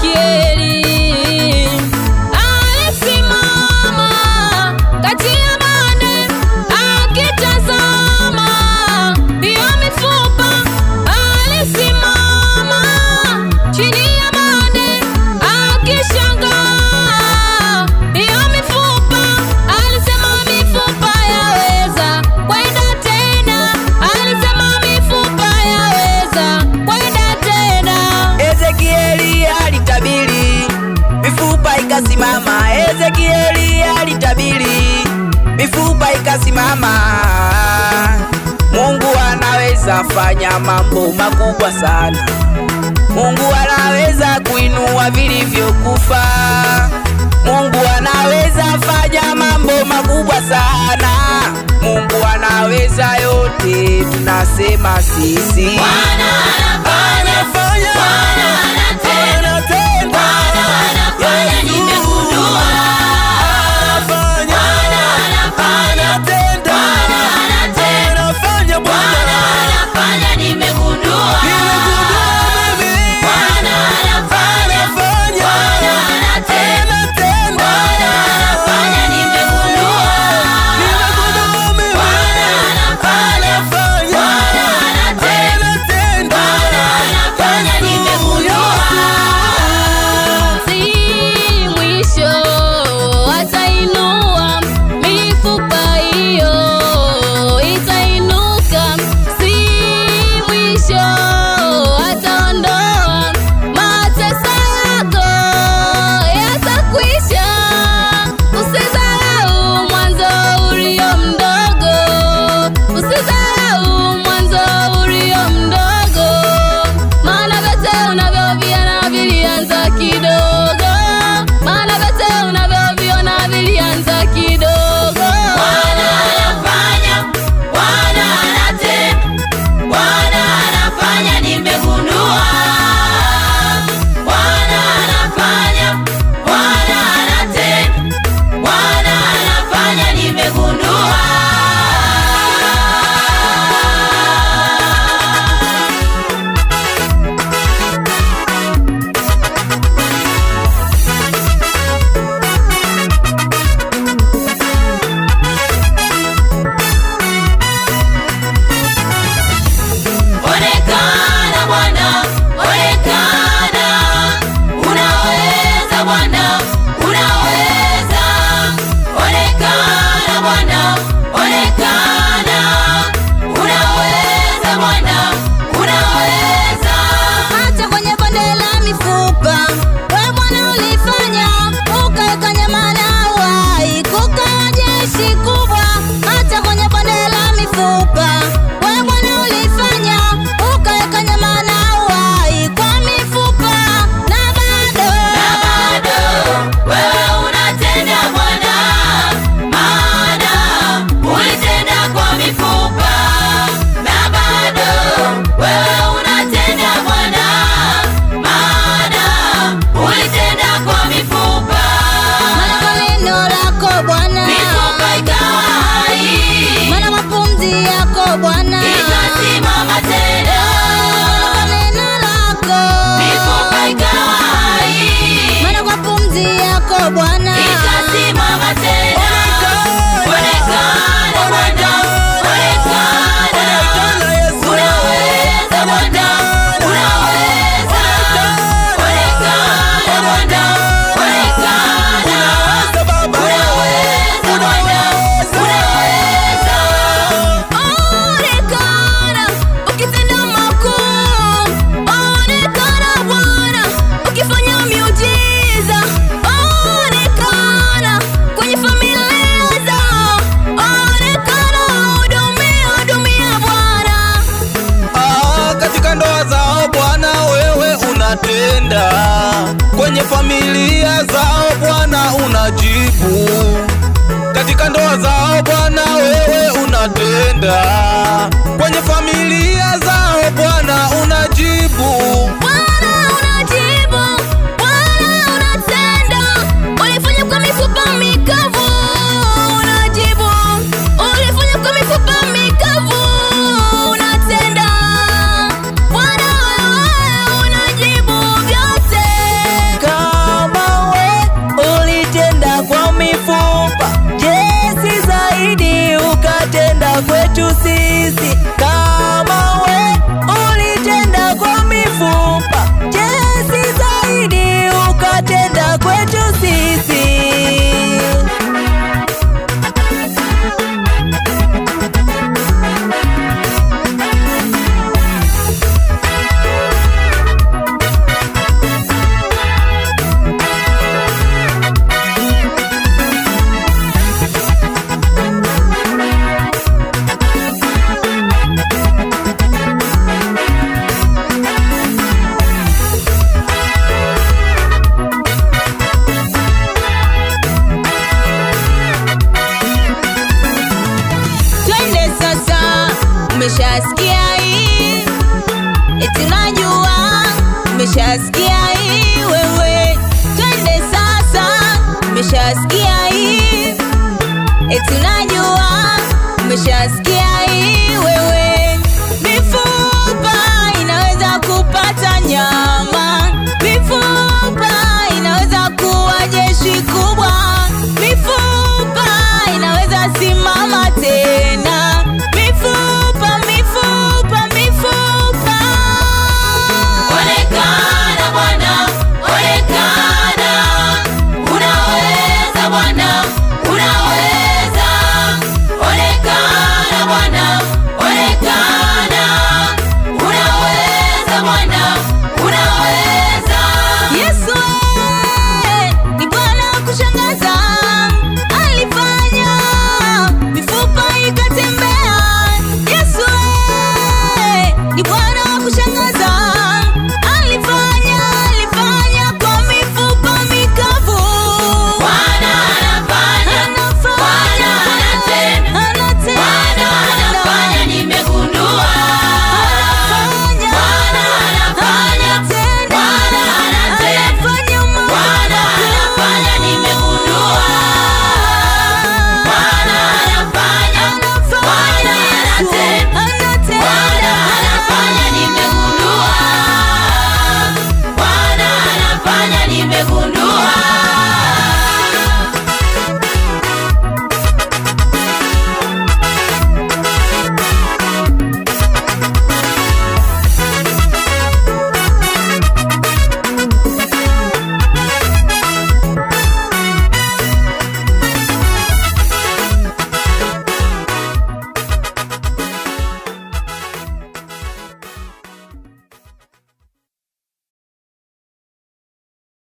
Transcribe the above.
que eu nikasimama. Mungu anaweza fanya mambo makubwa sana. Mungu anaweza kuinua vilivyokufa. Mungu anaweza fanya mambo makubwa sana. Mungu anaweza yote, tunasema sisi. Bwana Bwana unaweza unatenda kwenye familia zao Bwana unajibu, katika ndoa zao Bwana wewe unatenda kwenye familia zao Bwana unajibu umeshasikia hii eti najua umeshasikia hii wewe twende sasa umeshasikia